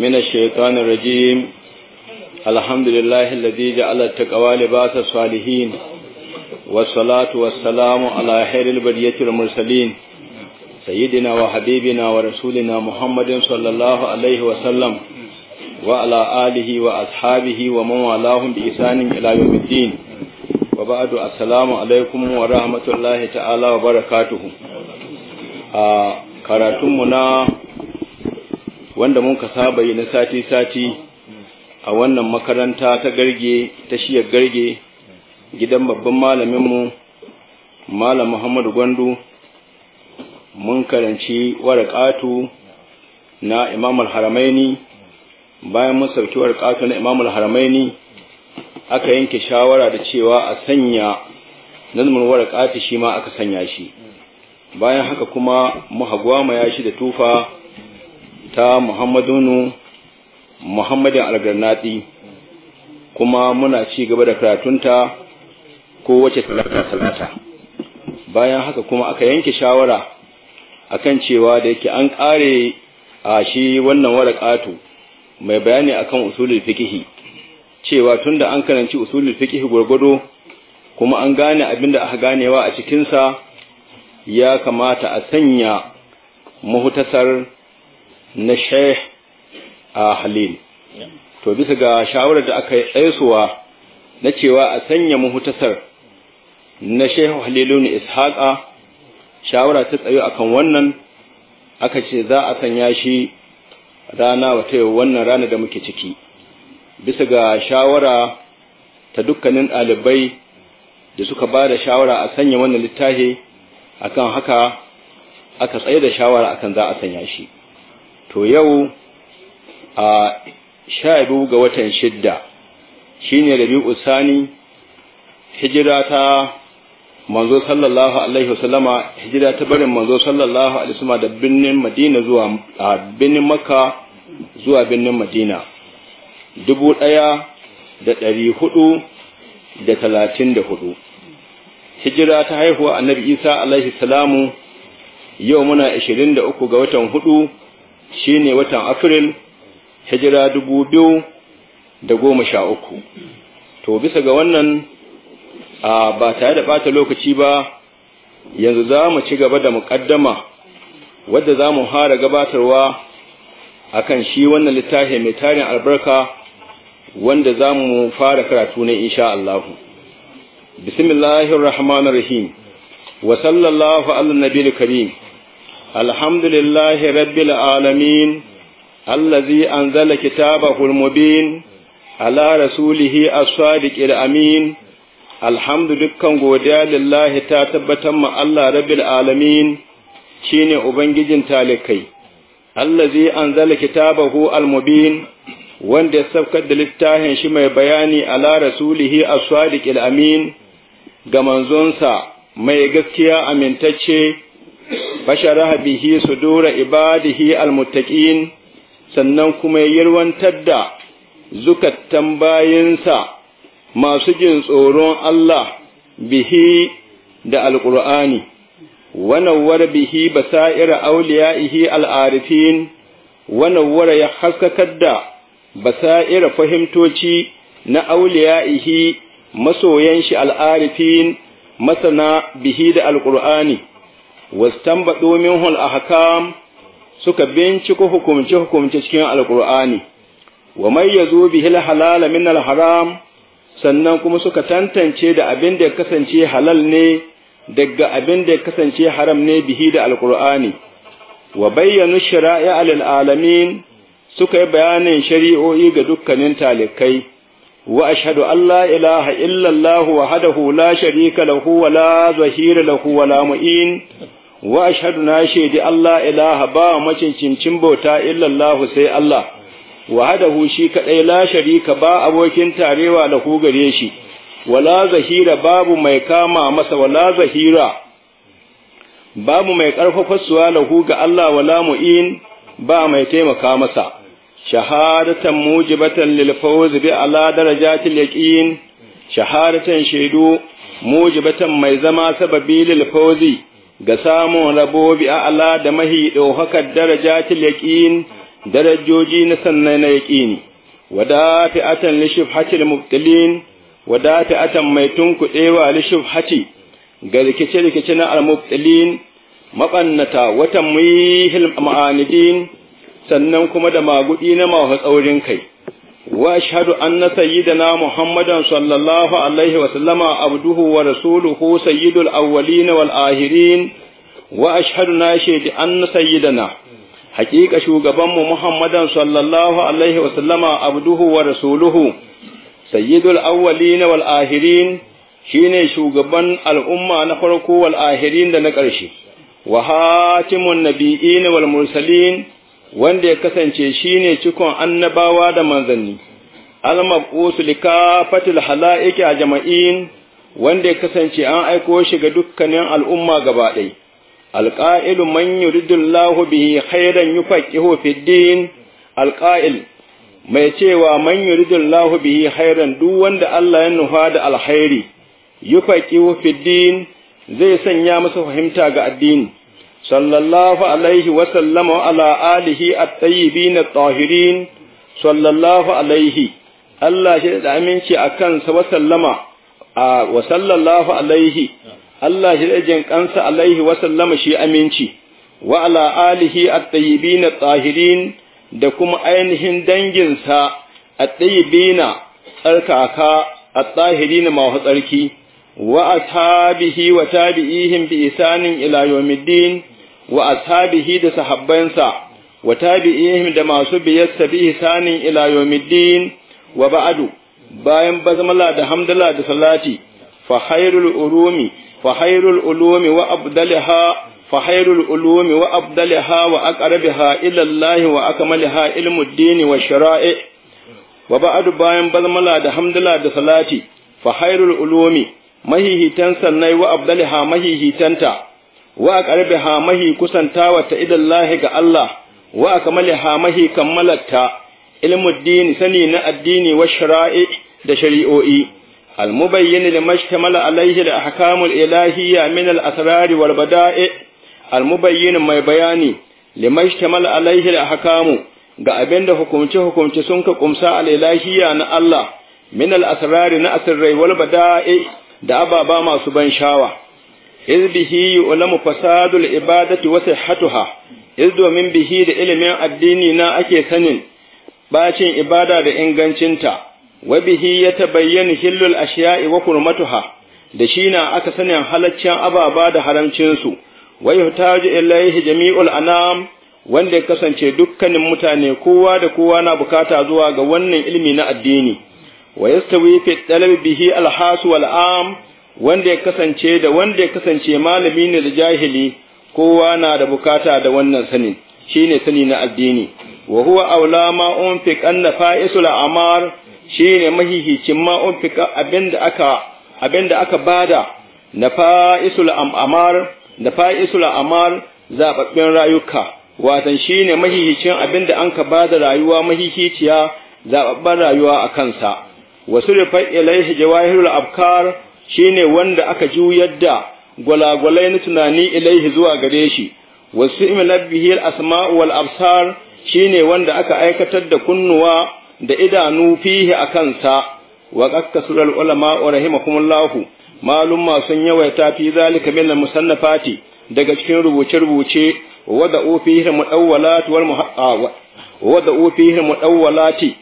من الشيطان الرجيم الحمد لله الذي جعل التقوى لباس الصالحين والصلاة والسلام على خير البرية المرسلين سيدنا وحبيبنا ورسولنا محمد صلى الله عليه وسلم وعلى آله وأصحابه ومن والاهم بإحسان إلى يوم الدين وبعد السلام عليكم ورحمة الله تعالى وبركاته آه كراتمنا wanda mun ka saba yi na sati-sati a wannan makaranta ta garge ta shiyar garge gidan babban malaminmu malam muhammadu gwandu mun karanci warakatu na imamul haramaini bayan mun sauki warakatu na imamul haramaini aka yanke shawara da cewa a sanya nazmin warakatu shi ma aka sanya shi bayan haka kuma mu hagwama ya shi da tufa ta muhammadunu muhammadin algarnati kuma muna ci gaba da karatunta ko wace talata talata bayan haka kuma aka yanke shawara akan cewa da yake an kare a shi wannan waraqatu mai bayani akan usulul fikihi cewa tunda an karanci usulul fikihi gwargwado kuma an gane abinda aka ganewa a cikinsa ya kamata a sanya muhtasar na sheikh a halil to bisa ga shawarar da aka yi tsayasuwa na cewa a sanya muhutasar na shehu halilun ishaqa shawara ta tsayo akan wannan aka ce za a sanya shi rana wata yau wannan rana da muke ciki bisa ga shawara ta dukkanin ɗalibai da suka ba da shawara a sanya wannan littafi akan haka aka tsaye da shawara akan za a sanya shi to yau a sha biyu ga watan shidda shi da rabi'u sani hijira ta manzo sallallahu alaihi wasallama hijira ta barin manzo sallallahu alaihi wasallama da binnin madina zuwa a binnin makka zuwa binnin madina dubu ɗaya da ɗari hudu da talatin da hudu hijira ta haihuwa annabi isa alaihi salamu yau muna ashirin da uku ga watan hudu Shi ne watan Afril hijira dubu biyu da goma sha uku to bisa ga wannan a ba tare da bata lokaci ba yanzu za mu ci gaba da mukaddama wadda za mu hara gabatarwa akan shi wannan littafi mai tarin albarka wanda za mu fara karatu na insha Allah bismillahirrahmanirrahim wa sallallahu ala nabiyil karim الحمد لله رب العالمين الذي أنزل كتابه المبين على رسوله الصادق الأمين الحمد dukkan godiya lillahi ta tabbatar ma Allah rabbil alamin shine ubangijin talikai Allah allazi anzala kitabahu almubin wanda ya saukar da littafin shi mai bayani ala rasulihi as-sadiqil amin ga manzonsa mai gaskiya amintacce fasharaha bihi su dora ibadihi almuttaqin sannan kuma yirwantar da zukattan bayinsa masu jin tsoron Allah bihi da alqur'ani wanawar bihi basaira awliyaihi al'arifin wa ya haskakar da basaira fahimtoci na awliyaihi masoyan shi al'arifin masana bihi da alqur'ani hol a hakam suka binciko hukumce hukumce cikin alkur'ani wa mayyazu bihil halala min haram sannan kuma suka tantance da abin da ya kasance halal ne daga abin da ya kasance haram ne bihi da alkur'ani wa bayyanu shara'i'a lil alamin suka yi bayanin shari'o'i ga dukkanin talikai wa ashhadu an la ilaha illallah wahdahu la sharika lahu wa la zahira lahu wa la mu'in wa ashhadu na shaidi Allah ilaha ba macincincin bauta illallahu sai Allah wahadahu shi kadai la sharika ba abokin tarewa da ku gare shi wala zahira babu mai kama masa wala zahira babu mai karfafa suwa ku ga Allah wala mu'in ba mai taimaka masa shahadatan mujibatan lil fawz bi ala darajatil yaqin shahadatan shaidu mujibatan mai zama sababi lil fawzi ga samun rabobi a a'la da mahi ɗaukakar darajatil yaƙin darajoji na sannan na wada yaqini wadafi'atan li shubhatil mubtilin atan mai tunkuɗewa lishif haci, ga rikice-rikice na al-mubtilin mabannata watan muhil ma'anidin sannan kuma da magudi na mahu tsaurin kai وأشهد أن سيدنا محمدا صلى الله عليه وسلم عبده ورسوله سيد الأولين والآخرين وأشهد ناشد أن سيدنا حقيقة شوغبان محمدا صلى الله عليه وسلم عبده ورسوله سيد الأولين والآخرين shine shugaban al'umma na farko wal ahirin da na ƙarshe wa hatimun nabiyyin wal mursalin wanda ya kasance shine cikon annabawa da manzanni al-mab'usu li kafatil halaiki jama'in wanda ya kasance an aiko shi ga dukkanin al'umma gaba ɗaya alqa'ilu man yuridullahu bihi khairan yufaqihu fi din alqa'il mai cewa man yuridullahu bihi khairan duk wanda Allah ya nufa da alkhairi yufaqihu fi din zai sanya masa fahimta ga addini صلى الله عليه وسلم على آله الطيبين الطاهرين صلى الله عليه الله شهد أمينشي أكنس وسلم وصلى الله عليه الله شهد أنس عليه وسلم شي أمينشي وعلى آله الطيبين الطاهرين da kuma ainihin danginsa a tsayibina tsarkaka a tsahirina masu tsarki وأصحابه وتابعيهم بإحسان إلى يوم الدين وأصحابه ده صحابنسا وتابعيهم ده ما سبيت بإحسان إلى يوم الدين وبعد bayan basmala da hamdala da salati fa khairul ulumi fa khairul ulumi wa abdalaha fa khairul ulumi wa abdalaha wa aqrabaha ila Allah wa akmalaha ilmuddin wa shara'i wa ba'du bayan basmala da hamdala da salati fa khairul ulumi mahihitan sannai wa abdaliha mahihitanta wa ha mahi kusantawa ta idallahi ga Allah wa ha mahi kammalatta ilmuddin sani na addini wa shara'i da shari'o'i المبين لما اشتمل عليه الأحكام الإلهية من wal bada'i almubayyin mai bayani limashtamala alaihi عليه ga abinda hukumce-hukumce sun ka kumsa al'ilahiya na Allah min asrari na asirrai wal bada'i da ababa masu ban shawa iz bihi ulamu fasadul ibadati wa sihhatuha iz domin bihi da ilimin addini na ake sanin bacin ibada da ingancinta wa bihi ya tabayyana hillul ashiya'i wa hurmatuha da shi na aka sanin halaccin ababa da haramcinsu wa yuhtaju ilayhi jami'ul anam wanda ya kasance dukkanin mutane kowa da kowa na bukata zuwa ga wannan ilimi na addini wa yastawi fi talabi bihi alhas wal am wanda ya kasance da wanda ya kasance malami ne da jahili kowa na da bukata da wannan sanin shine sani na addini wa huwa aula ma unfiq an fa'isul amar shine mahihicin ma unfiq abinda aka abinda aka bada na fa'isul amar da fa'isul amar zababbin rayuka watan shine mahihicin abinda an ka bada rayuwa mahihiciya zababban rayuwa a kansa wasu ilaihi jawahirul abkar shine wanda aka juyar da gwalagwalai na tunani ilaihi zuwa gare shi wasu imanabihil asma'u wal absar shine wanda aka aikatar da kunnuwa da idanu fihi a kansa wa qakka ulama wa rahimahumullahu malum ma sun yawaita fi zalika min musannafati daga cikin rubuce-rubuce wada ofihin mudawwalati wal muhaqqa ah, wada ofihin mudawwalati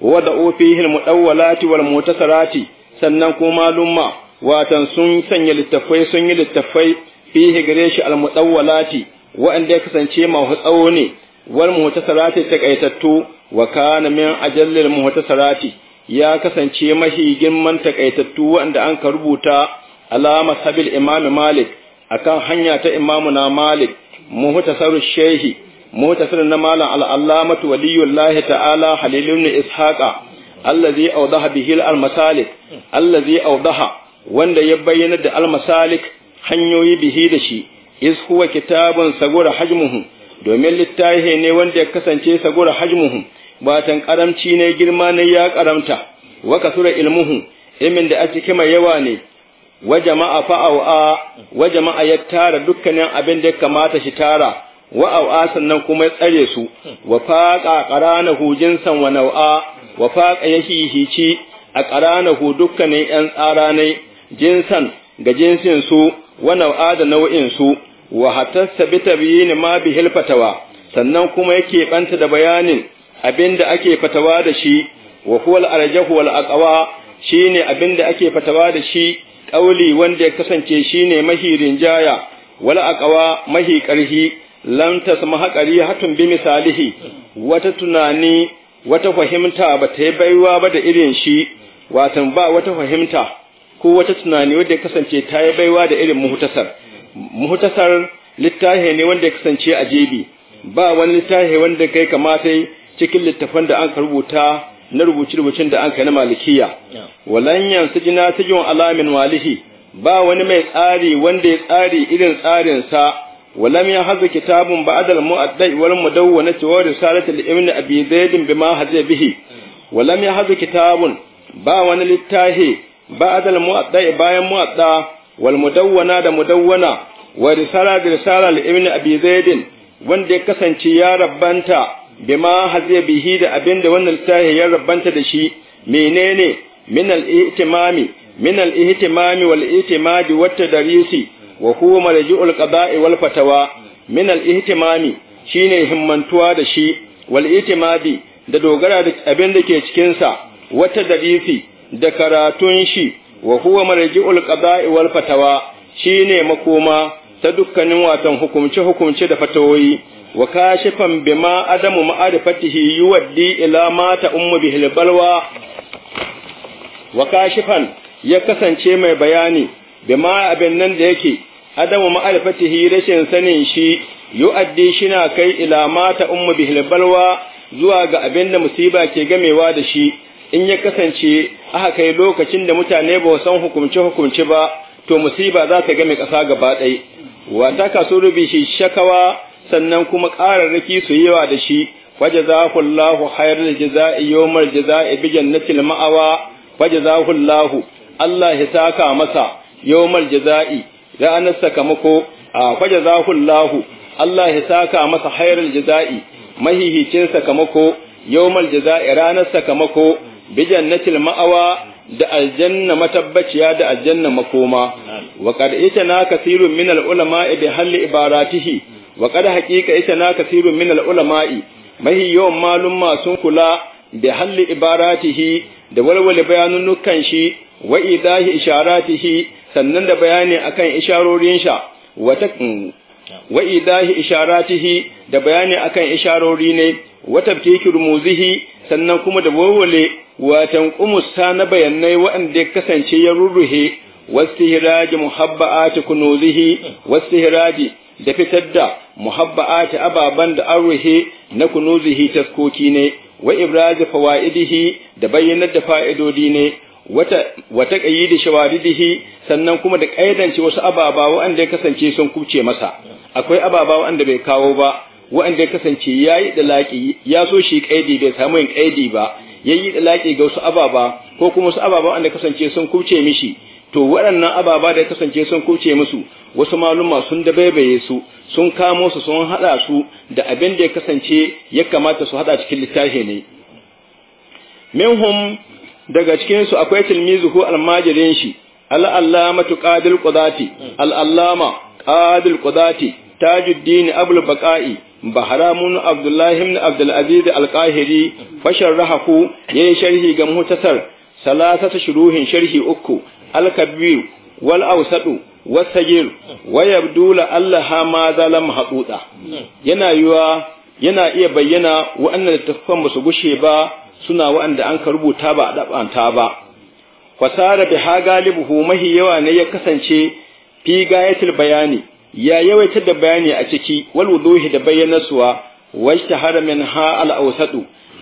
wada'u fihi al-mudawwalati wal mutasarati sannan kuma lumma watan sun sanya littafai sun yi littafai fihi gare shi al-mudawwalati ya kasance masu tsawo ne wal mutasarati takaitattu wa kana min ajallil mutasarati ya kasance mahi girman takaitattu wanda an ka rubuta alama sabil imam malik akan hanya ta imamuna malik muhtasarul shaykh mutasirin na malam al'allamatu waliyullahi ta'ala halilun ishaqa allazi awdaha bihi al allah allazi awdaha wanda ya bayyana da al hanyoyi bihi da shi is huwa kitabun sagura hajmuhu domin littafi ne wanda ya kasance sagura hajmuhu batan karamci ne girma ne ya karamta wa kasura ilmuhu ilmin da ake kima yawa ne wa jama'a fa'awa wa jama'a ya tara dukkanin abin da ya kamata shi tara wa au'a sannan kuma ya tsare su wa faqa qaranahu jinsan wa nau'a wa faqa hici a ƙaranahu dukkanin yan tsara ne jinsan ga jinsin su wa nau'a da nau'in su wa hatta bi ma bi hilfatawa sannan kuma yake banta da bayanin abinda ake fatawa da shi wa huwal arjahu wal aqwa shine abinda ake fatawa da shi kauli wanda ya kasance shine mahirin jaya wal aqwa mahi karhi lam mahakari hatun bi misalihi wata tunani wata fahimta ba ta yi baiwa ba da irin shi watan ba wata fahimta ko wata tunani wanda ya kasance ta yi baiwa da irin muhtasar muhtasar littafi ne wanda ya kasance a jebi ba wani littafi wanda kai kamata cikin littafan da an rubuta na rubuce-rubucen da an kai na malikiya walan yansu jina sijin alamin walihi ba wani mai tsari wanda ya tsari irin tsarin sa ولم يحظ كتاب بعد المؤدى والمدونة ورسالة لابن أبي زيد بما هزي به ولم يحظ كتاب با wani littafi بعد المؤدى bayan muwadda wal mudawwana da mudawwana wa risala da risala li ibn abi zaid wanda ya kasance ya bi bima haziya bihi da abinda wannan littafi ya rabbanta da shi menene min al ihtimami min ihtimami wal ihtimadi wata tadrisi wa huwa marji'ul qada'i wal fatawa min al ihtimami shine himmantuwa da shi wal itimadi da dogara da abin da ke cikin sa wata darifi da karatun shi wa huwa marji'ul qada'i wal fatawa shine makoma ta dukkanin watan hukumce hukumce da fatawoyi wa kashifan bima adamu ma'arifatihi yuwaddi ila ma ta ummu bihil balwa wa kashifan ya kasance mai bayani bima abin nan da yake adamu ma'arifatihi rashin sanin shi yu'addi shina kai ila mata ummu bihil balwa zuwa ga abin da musiba ke gamewa da shi in ya kasance aka kai lokacin da mutane ba san hukumce hukumce ba to musiba za ta game kasa gaba ɗaya. wa ta kasu rubi shi shakawa sannan kuma ƙararraki su yawa da shi wajazahu Allahu khairul jazaa'i yawmal jazaa'i bi jannatil ma'awa wajazahu Allahu Allah ya saka masa yawmal jazaa'i ranar sakamako a faja zahullahu Allah ya saka masa hairul jaza'i mahihicin sakamako yawmal jaza'i ranar sakamako bi jannatil ma'awa da aljanna matabbaciya da aljanna makoma wa qad itana kathirun min al-ulama'i bi halli ibaratihi wa qad haqiqa itana kathirun min al-ulama'i mahi yawan malumma sun kula bi halli ibaratihi da walwala bayanunukan shi wa idahi isharatihi sannan da bayani akan isharorin sha wata mm, wa idahi isharatihi da bayani akan isharori ne wa tabkiki muzihi sannan kuma da wawale watan qumusta na bayanai waɗanda ya kasance ya rurruhe wastihraj muhabbaati kunuzihi wastihraj da fitar da muhabbaati ababan da arruhe na kunuzihi taskoki ne wa ibraj fawaidihi da bayyana da fa'idodi ne wata ƙayi da shawaridihi sannan kuma da ƙaidance wasu ababa wa'anda ya kasance sun kuce masa akwai ababa wa'anda bai kawo ba wa'anda ya kasance ya yi laƙi ya so shi ƙaidi bai samu yin ƙaidi ba ya yi laƙi ga wasu ababa ko kuma wasu ababa wa'anda kasance sun kuce mishi to waɗannan ababa da ya kasance sun kuce musu wasu maluma sun dabaibaye su sun kamo su sun haɗa su da abin da ya kasance ya kamata su haɗa cikin littafi ne minhum daga cikin su akwai tilmizuhu almajirin shi al'allamatu qadil qudati al'allama qadil qudati tajuddin abul baqa'i bahramun abdullahi ibn abdul aziz al-qahiri ya yi sharhi ga mutasar salasata shuruhin sharhi uku al-kabir wal awsatu wasagir wa yabdula allaha ma zalam haquda hmm. yana yiwa yana iya bayyana wa'annan tafaffan ba su gushe ba suna waɗanda an ka rubuta ba a ɗaɓanta ba fasara bi ha galibuhu mahi yawa ne ya kasance fi gayatul bayani ya yawaitar da bayani a ciki wal wuduhi da bayyanarsuwa washtahara min ha al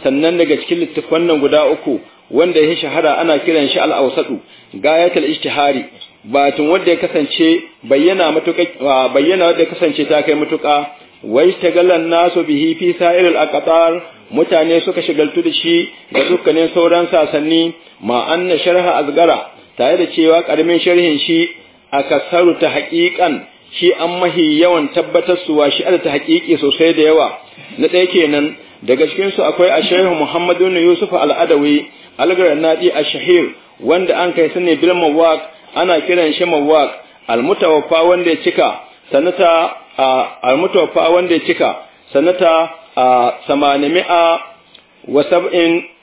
sannan daga cikin littafan nan guda uku wanda ya shahara ana kiran shi al awsatu gayatul ishtihari batun wanda ya kasance bayyana matuƙa bayyana wanda ya kasance ta kai matuƙa wai shagalan nasu bihi fi sa'iril aqtar mutane suka shagaltu da shi da dukkanin sauran sasanni ma anna sharha azgara tare da cewa karamin sharhin shi aka saru ta haƙiƙan shi an mahi yawan tabbatar suwa shi ta haƙiƙi sosai da yawa na ɗaya kenan daga cikin su akwai ashahu muhammadu ibn yusuf al-adawi al garnadi ash-shahir wanda an kai sani bil ana kiran shi mawaq al-mutawaffa wanda ya cika sanata a mutuwafa wanda ya cika sanata a samani mi'a wa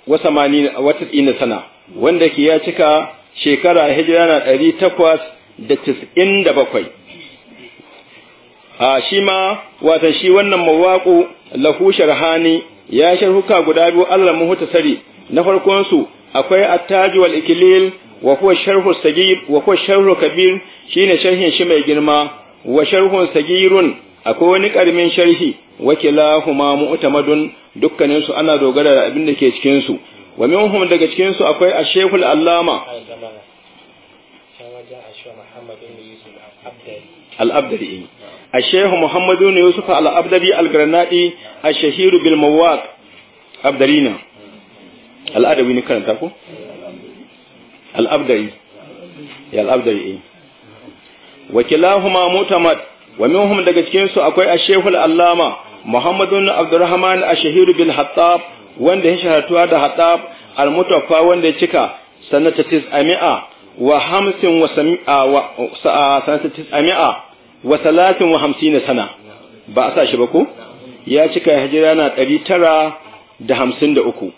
wa samani wata tsina sana wanda ke ya cika shekara hijira na ɗari takwas da tis'in da bakwai a shi ma watan shi wannan mawaƙo lahu sharhani ya sharhuka guda biyu Allah sari na farkon su akwai a wal iklil wa kuwa sharhu sagir wa kuwa sharhu kabir shine sharhin shi mai girma wa sharhun sagirun akwai wani karmin sharhi wa kilahuma mu'tamadun dukkanin su ana dogara da abin da ke cikin su wa minhum daga cikin su akwai ashekul allama al-abdari eh. ashehu muhammadu ne yusuf al-abdari al-granadi ashahiru bil mawaq abdarina al-adawi ne karanta ko al-abdari ya al-abdari eh wa kilahuma mutamad wa minhum daga cikin su akwai ashehul allama muhammadun abdurrahman ashahiru bil hattab wanda ya shahartuwa da hattab al wanda ya cika sanata tis'ami'a wa hamsin wa sami'a wa sanata tis'ami'a wa salatin wa sana ba a sa shi ba ko ya cika hijira na ɗari tara da hamsin da uku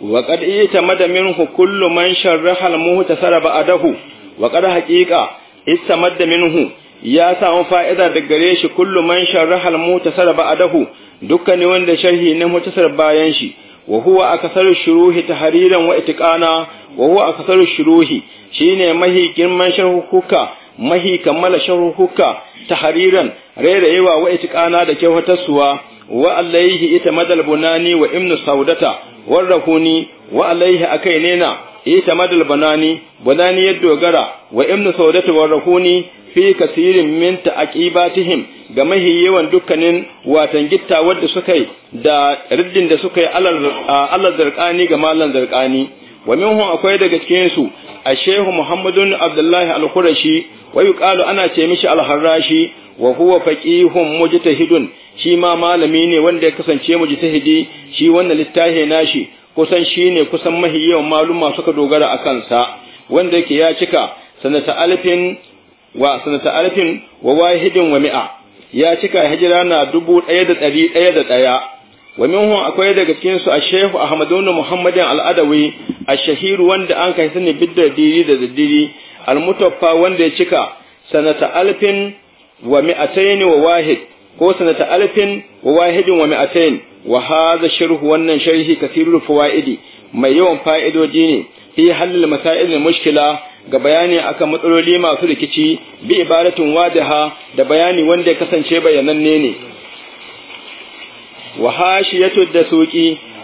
wa qad ita madamin kullu man sharraha al muhtasara ba'dahu wa qad haqiqa istamadda minhu ya samu fa'ida da gare shi kullu man sharraha al-mutasar ba'dahu wanda sharhi na mutasar bayan shi wa huwa aksaru shuruhi tahriran wa itiqana wa huwa aksaru shuruhi shine mahi girman sharhuka mahi kammala sharhuka tahriran rairayewa wa itiqana da kyautarsuwa wa alaihi ita madal bunani wa imnu saudata warrahuni wa ne na. i'tamad al-banani banani ya dogara wa ibnu saudati wa rahuni fi kasirin min ta'qibatihim ga mahi yawan dukkanin watan gitta wanda suka yi da riddin da suka yi alal zarqani ga mallan zarqani wa minhum akwai daga cikin su ashehu muhammadun abdullahi al-qurashi wa yuqalu ana ce mishi al-harashi wa huwa faqihun mujtahidun shi ma malami ne wanda ya kasance mujtahidi shi wannan littafi nashi kusan shine kusan mahi yawan maluma suka dogara a kansa wanda yake ya cika sanata alfin wa wahidin wa mi'a ya cika hijira na dubu ɗaya da ɗari ɗaya da ɗaya wa minhum akwai daga cikin su shehu Ahmad ibn Muhammadin al-Adawi ash wanda an kai sani bidda diri da diri al-mutaffa wanda ya cika sanata alfin wa mi'atayn wa wahid ko sanata alfin wa wahidin wa mi'atain wa hadha sharhu wannan sharhi kathirul fawaidi mai yawan fa'idoji ne fi halil masail mushkila ga bayani akan matsaloli masu rikici bi ibaratin wadaha da bayani wanda ya kasance bayananne ne wa hashiyatu da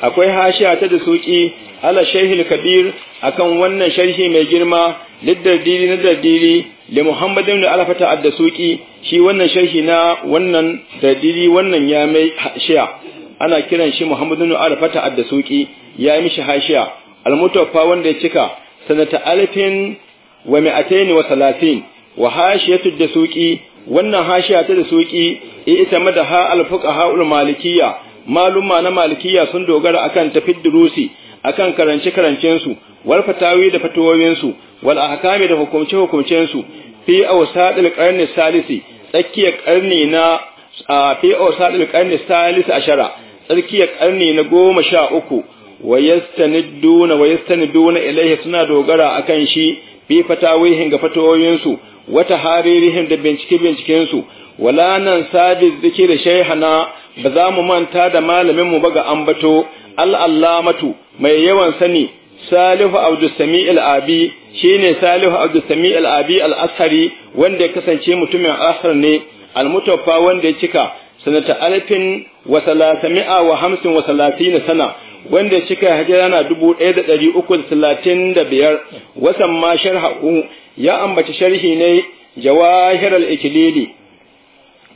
akwai hashiya ta da suƙi. ala kabir akan wannan sharhi mai girma dili na dardiri li muhammad ibn alfata ad shi wannan sharhi na wannan dardiri wannan ya mai hashiya ana kiran shi muhammad ibn alfata ad-dasuki ya yi mishi hashiya al-mutawaffa wanda ya cika sanata alfin wa mi'atain wa salatin wa hashiyatu ad wannan hashiya ta dasuki ita madaha al-fuqaha al-malikiyya maluma na malikiyya sun dogara akan tafid durusi akan karance karancensu wal fatawi da fatawoyinsu wal ahkami da hukumce hukumcensu fi awsadil qarni salisi tsakiya karni na fi awsadil qarni salisi ashara tsakiya karni na goma sha uku ilayhi suna dogara akan shi fi fatawihin ga fatawoyinsu wata haririhin da bincike bincikensu wala nan sabi zikir shayhana ba za mu manta da malamin mu ba ga ambato al'allamatu mai yawan sani salihu abdulsami al'abi shi ne salihu sami'il-abi al'abi al'asari wanda ya kasance mutumin asar ne almutaffa wanda ya cika sanata alfin wa wa hamsin wa na sana wanda ya cika hajjara na dubu ɗaya da ɗari uku da talatin da biyar wasan ma sharha'u um, ya ambaci sharhi ne jawahir al-ikilili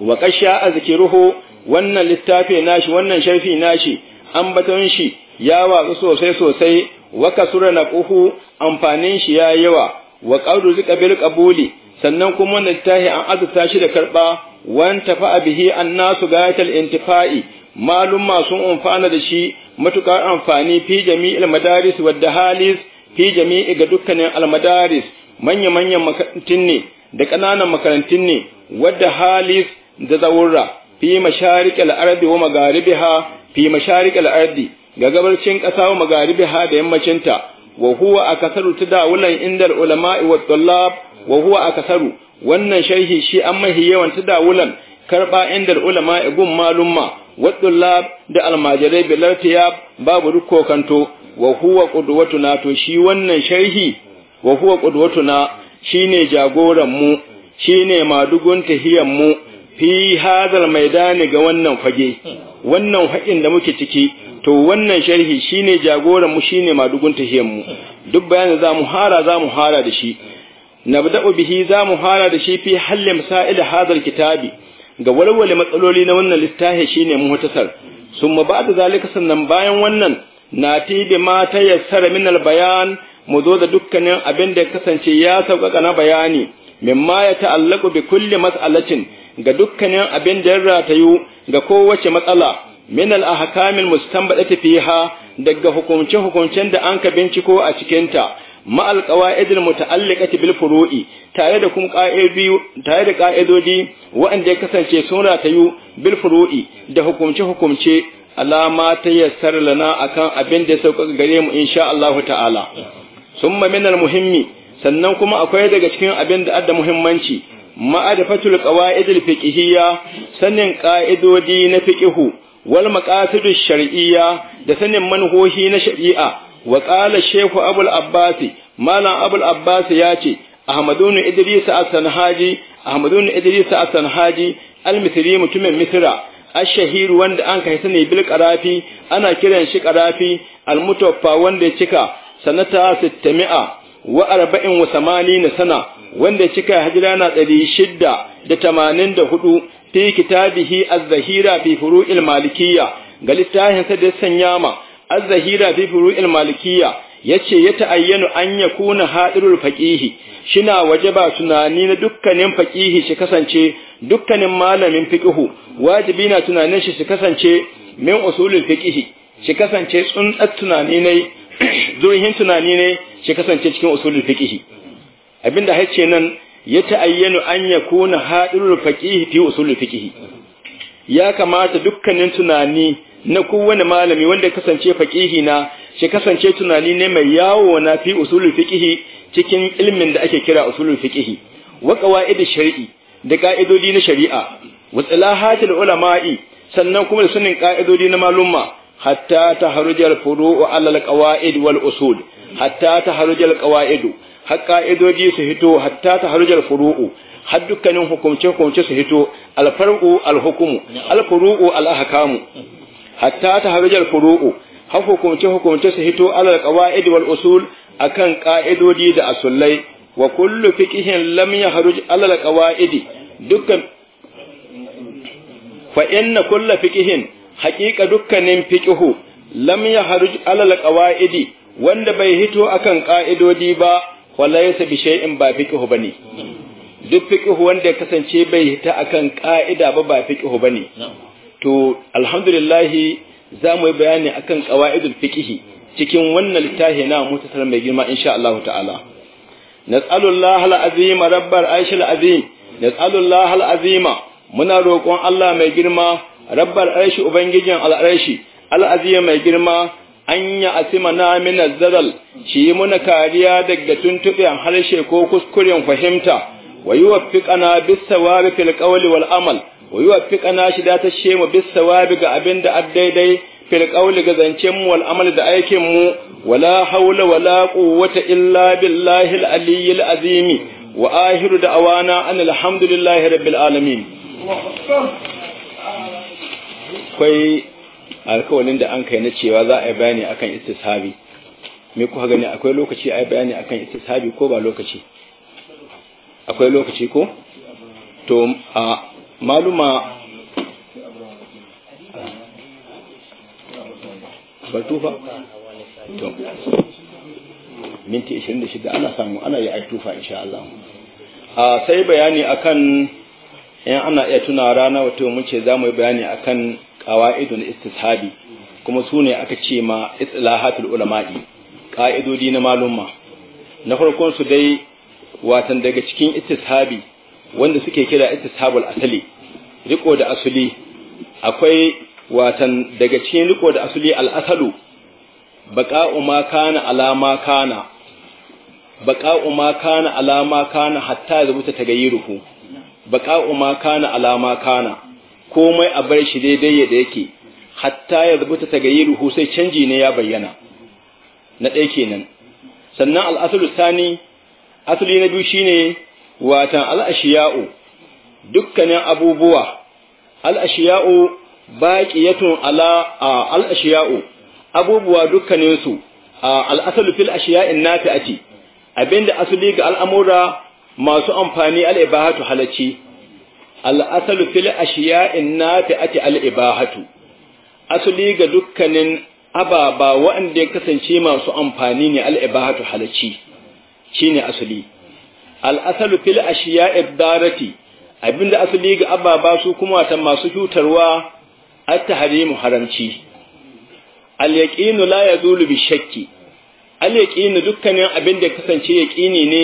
wa kasha azkiruhu wannan littafi nashi wannan sharfi nashi An ambaton shi ya watsu sosai sosai wa kasura naquhu amfanin shi ya yawa wa qawlu zika bil qabuli sannan kuma tahi an azurta shi da karba wan a bihi an annasu gayatal intifa'i ma sun amfana da shi matukar amfani fi jami'il madaris wa dahalis fi jami'i ga dukkanin almadaris manya manyan makarantun ne da ƙananan makarantun ne wadda halis da zawurra fi masharikal arabi wa magaribiha fi masharik al'ardi ga gabarcin ƙasa wa magaribi ha da yammacinta wa huwa akasaru tadawulan indal ulama wa tullab wa huwa akasaru wannan sharhi shi an mahi yawan tadawulan karba indal ulama gun malumma wa tullab da almajirai bilartiyab babu duk kanto wa huwa qudwatuna to shi wannan sharhi wa huwa qudwatuna shine jagoran mu shine madugun tahiyan mu fi hadal maidani ga wannan fage wannan haƙin da muke ciki to wannan sharhi shine jagoran mu shine madugun tahiyyar mu duk bayanin za mu hara za mu hara da shi nabda'u bihi za mu hara da shi fi halli masail hadal kitabi ga walwale matsaloli na wannan littafi shine muhtasar summa ba'da zalika sannan bayan wannan nati bi ma tayassara min al bayan mu zo da dukkanin abin da ya kasance ya sauƙaƙa na bayani mimma ya ta'allaku bi kulli mas'alatin ga dukkanin abin da ya ratayu ga kowace matsala min al ahkamil mustanbadati fiha daga hukumce hukuncen da an ka binciko a cikin ta ma al ta muta'alliqati bil furu'i tare da kuma waɗanda ya kasance sun ratayu bil furu'i da hukumce-hukumce alama ta yassar lana akan abin da ya sauka gare mu insha allahu ta'ala summa min muhimmi sannan kuma akwai daga cikin abin da adda muhimmanci ma'arifatul qawaidil fiqhiyya sanin qa'idodi na fiqhu wal maqasidish shar'iyya da sanin manhohi na shari'a wa qala shaykhu abul abbas malam abul abbas ya ce ahmadun idris as-sanhaji ahmadun idris as-sanhaji al-misri mutumin misra ash-shahir wanda an kai sani bil qarafi ana kiran shi qarafi al-mutawaffa wanda ya cika sanata wa arba'in wa samanina sana wanda cika hijira na ɗari shidda da tamanin da hudu fi kitabihi az-zahira fi furu'il malikiyya ga littafin sa da sanya ma az-zahira fi furu'il malikiyya yace ya ta'ayyanu an yakuna hadirul faqihi shina wajaba tunani na dukkanin faqihi shi kasance dukkanin malamin fiqhu wajibi na tunanin shi shi kasance min usulul fiqhi shi kasance tsuntsar tunani ne zurhin tunani ne shi kasance cikin usulul fiqh abinda hace nan ya ta'ayyanu an yakuna hadurul faqih fi usulul fiqh ya kamata dukkanin tunani na kowane malami wanda kasance faqihi na shi kasance tunani ne mai yawo na fi usulul fiqh cikin ilmin da ake kira usulul fiqh wa qawaid shar'i da ka'idodi na shari'a wa da ulama'i sannan kuma da sanin ka'idodi na malumma hatta taharujal furu'u alal qawaid wal usul hatta taharujal qawaidu har ka'idoji su hito hatta ta taharujal furu'u har dukkanin hukumce hukumce su hito al alhukumu al alahakamu. hatta ta al furu'u har hukumce hukumce su hito alal qawaid wal usul akan ka'idoji da asullai wa kullu fiqihin lam yahruj alal qawaidi dukkan fa inna kullu fiqihin haƙiƙa dukkanin fiƙihu lam ya haruj alal ƙawa'idi wanda bai hito akan ƙa'idodi ba walaysa bi shay'in ba fiƙihu bane duk fiƙihu wanda ya kasance bai hita akan ƙa'ida ba ba fiƙihu bane to alhamdulillah za mu yi bayani akan ƙawa'idul fiƙihi cikin wannan littafi na mutasar mai girma insha Allah ta'ala nas'alullah al-azim rabbar aishil azim nas'alullah azima muna roƙon Allah mai girma rabbar arshi ubangijin al'arshi al'aziyya mai girma an ya asima na shi muna kariya daga tuntuɓen harshe ko kuskuren fahimta wa yi wafiƙana bisa wabi fil ƙauli wal amal wa yi shi da ta she mu bisa wabi ga abin da ad daidai ga zancen mu wal amal da aikin mu wala haula wala quwwata illa billahi al aliyyil azimi wa ahiru da awana an alhamdulillahi rabbil alamin akwai alkawalin da an kai na cewa za a yi bayani akan istisabi me kuka gani akwai lokaci a yi bayani akan istisabi ko ba lokaci akwai lokaci ko to a maluma baltufa to minti 26 ana samu ana yi aitufa insha Allah a sai bayani akan in ana iya tuna rana wato mun ce za mu yi bayani akan qawaidul istishabi kuma su ne aka ce ma islahatul ulama'i ka'idodi na malumma na farkon su dai watan daga cikin istishabi wanda suke kira istishabul asali riko da asali akwai watan daga cikin riko da asali al-asalu baqa'u ma kana alama kana baqa'u ma kana alama kana hatta rubuta tagayyuruhu baqa'u ma kana alama kana komai a bar shi daidai yadda yake hatta ya rubuta ruhu, sai canji ne ya bayyana na ɗaya kenan sannan al'asulu sani asali na biyu shine watan al'ashiya'u dukkanin abubuwa al'ashiya'u baqiyatun ala al'ashiya'u abubuwa dukkanin su al'asalu fil ashiya'in nafi'ati abinda asali ga al'amura masu amfani al'ibahatu halacci al'asalu fil fi nafi'ati al'ibahatu asali ga dukkanin ababa waɗanda ya kasance masu amfani ne al'ibahatu halacci shine asali al'asalu fil ashiya'id darati abinda asali ga ababa su kuma ta masu cutarwa at-tahrimu haramci al-yaqinu la yazulu bi shakki al-yaqinu dukkanin abinda ya kasance yaƙini ne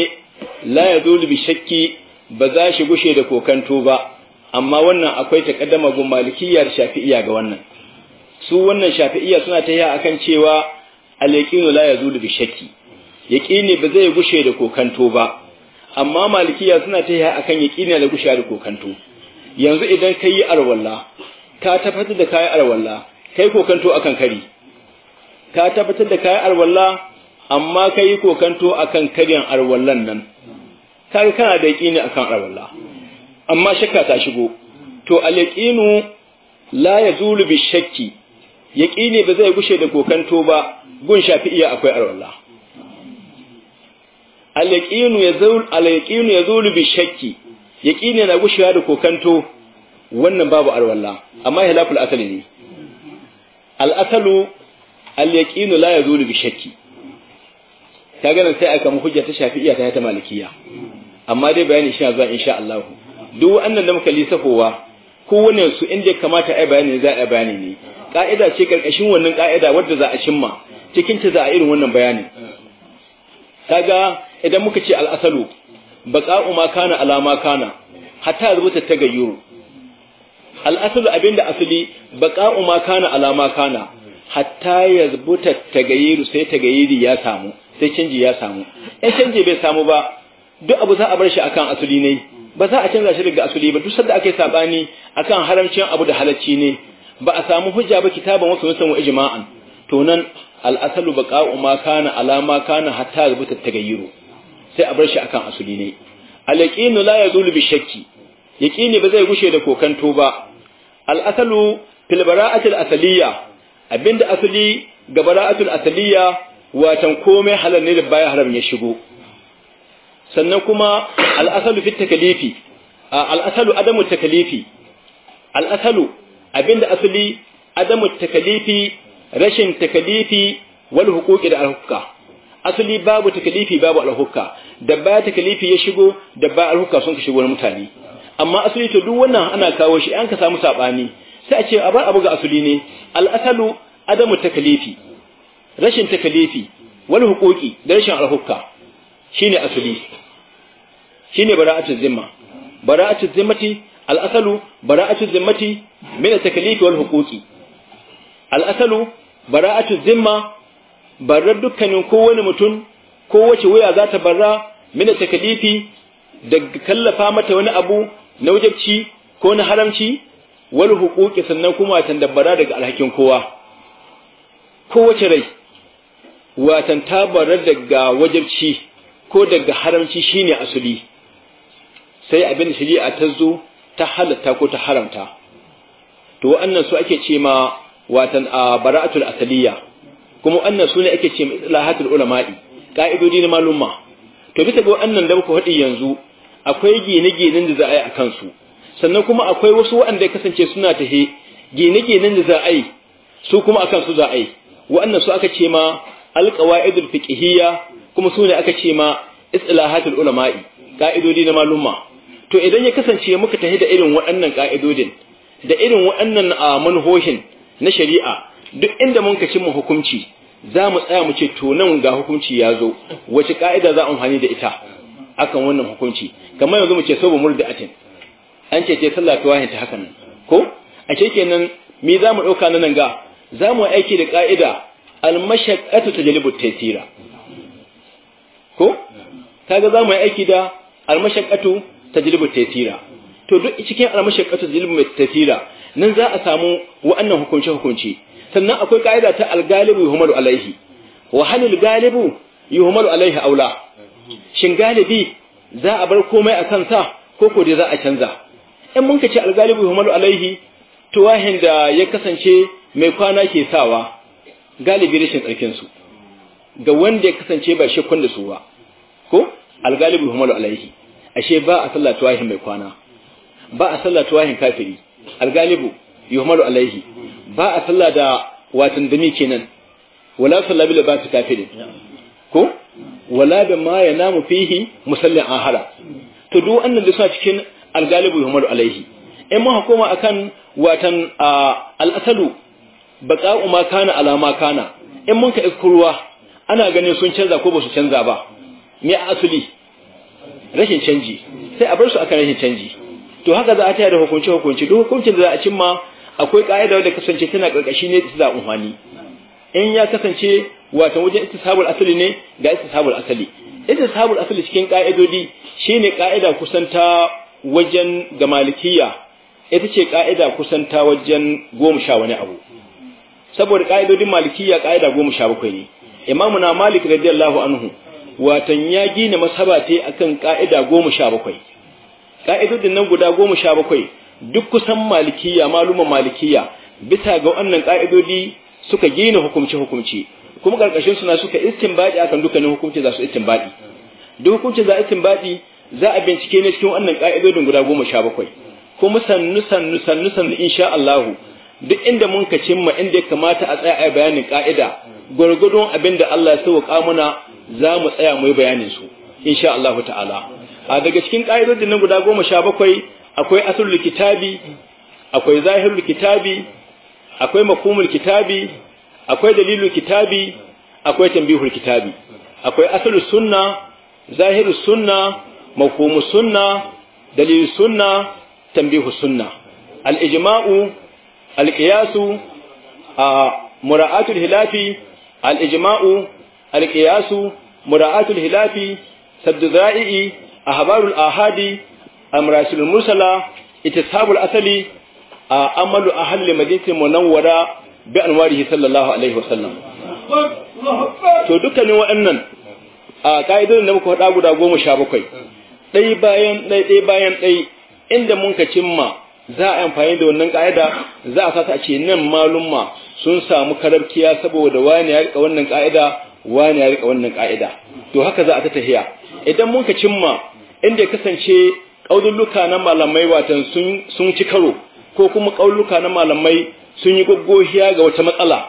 la yazulu bi shakki ba za shi gushe da kokanto ba amma wannan akwai takaddama gun malikiyar shafi'iya ga wannan su wannan shafi'iya suna yi akan cewa al-yaqinu la yazulu bi shakki yaqini ba zai gushe da kokanto ba amma malikiya suna yi akan yaqini da gushe da kokanto yanzu idan kai yi arwalla ka tabbatar da kai arwalla kai kokanto akan kari ka tabbatar da kai arwalla amma kai kokanto akan karin arwallan nan kan kana da a akan arwalla amma shakka ta shigo to al yaqinu la yazulu bi shakki yaqini ba zai gushe da kokanto ba gun iya akwai arwalla al yaqinu yazul al yaqinu yazulu bi shakki yaqini na gushe da kokanto wannan babu arwalla amma hilaful asali ne al asalu al yaqinu la yazulu bi shakki kaga nan sai a mu hujja ta shafi'iyya ta ta malikiya amma dai bayani shi zuwa insha Allah duk wannan da muka lissafowa kowane su inda kamata ai bayani za a bayani ne ka'ida ce karkashin wannan ka'ida wanda za a cimma cikin ta za a irin wannan bayani kaga idan muka ce al'asalu baqa'u ma kana alama kana hatta rubuta tagayyuru al'asalu abinda asali baqa'u ma kana alama kana hatta yazbuta tagayyuru sai tagayyiri ya samu sai canji ya samu in canji bai samu ba duk abu za a bar shi akan asuli ne ba za a canza shi daga asuli ba duk sanda aka saɓani sabani akan haramcin abu da halacci ne ba a samu hujja ba kitaban wasu musan wa ijma'an to nan al'asalu baqa'u ma kana alama kana hatta rubuta tagayyuru sai a bar shi akan asuli ne al-yaqinu la yazulu bi shakki yaqini ba zai gushe da kokanto ba al-asalu fil bara'atil asaliyya abinda asali ga bara'atul asaliyya watan komai halar ne da baya haram ya shigo sannan kuma al'asalu fi takalifi al'asalu adamu takalifi al'asalu abinda asali adamu takalifi rashin takalifi wal huquqi da al-hukka asali babu takalifi babu al-hukka da baya takalifi ya shigo da ba al-hukka sun ka shigo mutane amma asali to duk wannan ana kawo shi an ka samu sabani sai a ce a bar abu ga asali ne al-asalu adamu takalifi rashin takalifi wal hukuki da rashin alhukka shine asali shine bara'atul zimma bara'atul zimmati al'asalu asalu bara'atul zimmati min takalifi wal hukuki. Al'asalu bara'atul zimma barar dukkanin kowane mutum ko wace waya za ta barra min takalifi daga kallafa mata wani abu na wajabci ko na haramci wal hukuki sannan kuma tan dabbara daga alhakin kowa kowace rai watan tabarar daga wajabci ko daga haramci shine asuli sai abin shari'a ta zo ta halatta ko ta haramta to wannan su ake ce ma watan a bara'atul asaliya kuma wannan su ne ake ce ma islahatul ulama'i ka'idodi na malumma to bisa ga wannan da muka faɗi yanzu akwai gine-ginen da za a yi a kansu sannan kuma akwai wasu waɗanda ya kasance suna tahe gine-ginen da za a yi su kuma akan su za a yi waɗannan su aka ce ma alqawaidul fiqhiyya kuma sune aka ce ma islahatul ulama'i ka'idodi na malumma to idan ya kasance muka tafi da irin waɗannan ka'idodin da irin waɗannan manhohin na shari'a duk inda mun kaci mu hukunci za mu tsaya mu ce to nan ga hukunci ya zo wace ka'ida za a amfani da ita akan wannan hukunci kamar yanzu mu ce sabu murda'atin an ce ce sallah ta wahinta hakan ko a ce kenan me za mu ɗauka na nan ga za mu aiki da ka'ida almashaqqatu tajlibu taysira ko kaga za mu yi aiki da almashaqqatu tajlibu taysira to duk cikin almashaqqatu tajlibu tasira nan za a samu wa'annan hukunce hukunci sannan akwai ka'ida ta algalibu yuhmalu alaihi wa halil galibu yuhmalu alaihi aula shin galibi za a bar komai a kansa ko ko dai za a canza in mun ka ce algalibu yuhmalu alaihi to wahin da ya kasance mai kwana ke sawa galibi rashin tsarkin su ga wanda ya kasance ba shi kwanda su ba ko algalibu humalu alaihi ashe ba a sallah tuwahin mai kwana ba a sallah tuwahin kafiri algalibu yuhmalu alaihi ba a sallah da watan dami kenan wala sallah bil ba kafiri. ko wala da ma ya namu fihi musallin ahara to duk wannan da suna cikin algalibu yuhmalu alaihi in mun hukuma akan watan ah, al-asalu baqa'u ma kana alama kana in mun ka iskurwa ana ganin sun canza ko ba su canza ba me a asali rashin canji sai a bar su akan rashin canji to haka za a taya da hukunci hukunci duk hukuncin da za a cimma akwai ka'ida wadda kasance tana karkashi ne da za in ya kasance wato wajen istisabul asali ne ga istisabul asali istisabul asali cikin ka'idodi shine ka'ida kusanta wajen ga malikiya ita ce ka'ida kusanta wajen goma sha wani abu saboda ƙa'idodin malikiya ka'ida goma sha bakwai ne imamu na malik radiyallahu anhu watan ya gina masaba ce akan ka'ida goma sha bakwai ka'idodin nan guda goma sha bakwai duk kusan malikiya maluma malikiya bisa ga wannan ƙa’idodi suka gina hukumce hukumce kuma ƙarƙashin suna suka a kan dukkanin hukumce za su istinbadi duk hukumce za istinbadi za a bincike ne cikin wannan ka'idodin guda goma sha bakwai kuma sannu sannu sannu sannu insha Allahu duk inda mun ka cimma inda ya kamata a tsaya a bayanin ka'ida gwargwadon abin da Allah ya sauka mana, za mu tsaya mu yi bayanin su insha Allah ta'ala a daga cikin ka'idodin na guda goma sha bakwai akwai asulul kitabi akwai zahirul kitabi akwai makumul kitabi akwai dalilul kitabi akwai tambihul kitabi akwai asulus sunna zahirul sunna makumul sunna dalilul sunna tambihul sunna al ijma'u Alƙiyasu, a mura'atul hilafi al-ijma'u Alƙiyasu, mura'atul hilafi saddu za'i'i habarul ahadi amrasul mursala ittisabul asali amalu ahli madinatul munawwara bi anwarihi sallallahu alaihi wasallam to dukkanin waɗannan a ka'idodin da muka faɗa guda goma sha bakwai ɗai bayan ɗai ɗai bayan ɗai inda mun ka cimma za a amfani da wannan ka'ida za a sata ce nan malumma sun samu karabkiya saboda wani ya rika wannan ka'ida wani ya rika wannan ka'ida to haka za a ta tahiya idan mun ka cimma inda ya kasance kaululuka na malamai watan sun ci karo ko kuma luka na malamai sun yi goggohiya ga wata matsala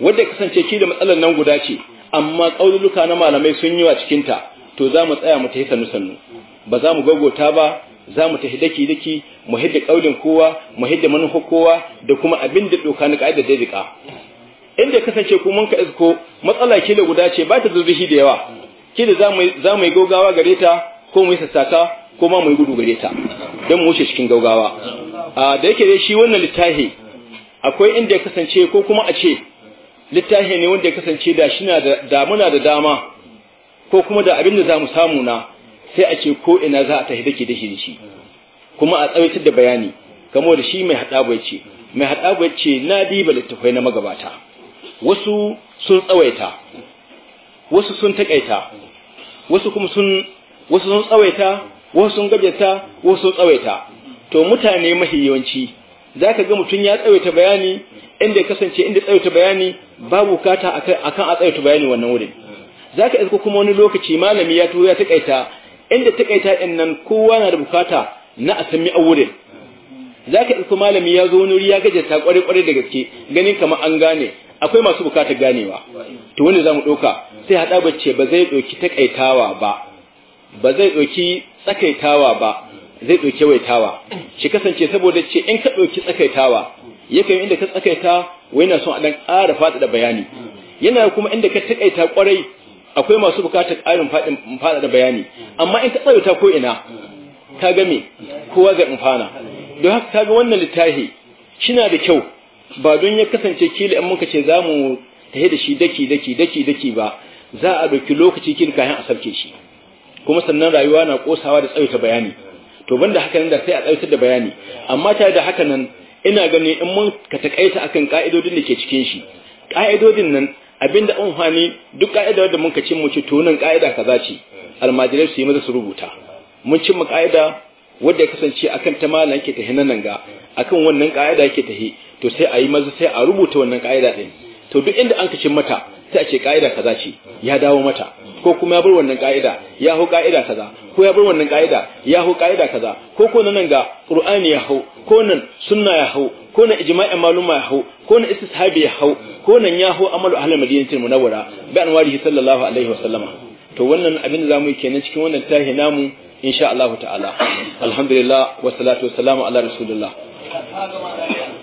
wanda kasance ki da matsalar nan guda ce amma luka na malamai sun yi wa cikinta to za mu tsaya mu yi sannu sannu ba za mu gogota ba za mu tafi daki daki mu hidda kaulin kowa mu hidda manufa kowa da kuma abin da doka na ka'idar da rika inda kasance ko mun ka isko matsala ke da guda ce ba ta zurfi da yawa ke za mu za mu yi gaugawa gare ta ko mu yi sassaka ko ma mu yi gudu gare ta don mu wuce cikin gaugawa a da yake dai shi wannan littafi akwai inda ya kasance ko kuma a ce littafi ne wanda ya kasance da shi na da muna da dama ko kuma da abin da za mu samu na sai a ce ko ina za a tafi dake dashi da shi kuma a tsawaitar da bayani kamo da shi mai haɗabu ce mai haɗabu ce na diba littafai na magabata wasu sun tsawaita wasu sun takaita wasu kuma sun wasu sun tsawaita wasu sun gabata wasu sun tsawaita to mutane mafi yawanci zaka ga mutum ya tsawaita bayani inda ya kasance inda tsawaita bayani babu kata akan a tsawaita bayani wannan wurin zaka isko kuma wani lokaci malami ya tuwo ya takaita inda takaita in nan kowa na da bukata na a sami aure za ka isa malami ya zo wani ya ta kwarai-kwarai da gaske ganin kamar an gane akwai masu bukatar ganewa to wanda za mu ɗauka sai haɗa bacce ba zai ɗauki takaitawa ba ba zai ɗauki tsakaitawa ba zai ɗauki waitawa shi kasance saboda ce in ka ɗauki tsakaitawa yakan inda ka tsakaita wai na son a ɗan ƙara faɗaɗa bayani yana kuma inda ka takaita ƙwarai. akwai masu bukatar ƙarin fada da bayani amma in ka ta ko ina ta game kowa zai amfana don haka ta ga wannan littafi shina da kyau ba don ya kasance kila in muka ce za mu tahi da shi daki daki daki daki ba za a ɗauki lokaci kila kayan a sarke shi kuma sannan rayuwa na kosawa da ta bayani to banda haka nan da sai a tsayutar da bayani amma tare da haka nan ina ganin in mun ka takaita akan ka'idodin da ke cikin shi ka'idodin nan abinda an hani duk ka'ida da mun ce mu ci to nan ka'ida kaza ce almajirai su yi maza su rubuta mun cin mu ka'ida wadda ya kasance akan ta malan ke tahi nan ga akan wannan ka'ida ke tahi to sai a yi maza sai a rubuta wannan ka'ida ɗin, to duk inda an kacin mata sai a ce ka'ida kaza ce ya dawo mata ko kuma ya bar wannan ka'ida ya hau ka'ida kaza ko ya bar wannan ka'ida ya hau ka'ida kaza ko ko nan ga qur'ani ya hau ko nan sunna ya hau ko nan ijma'in maluma ya hau ko nan istihabi ya hau ko nan ya hu amalu ahlul madinatil munawwara bi anwarihi sallallahu alaihi wa sallama to wannan abin da zamu yi kenan cikin wannan tahi namu insha Allah ta'ala alhamdulillah wa salamu ala rasulillah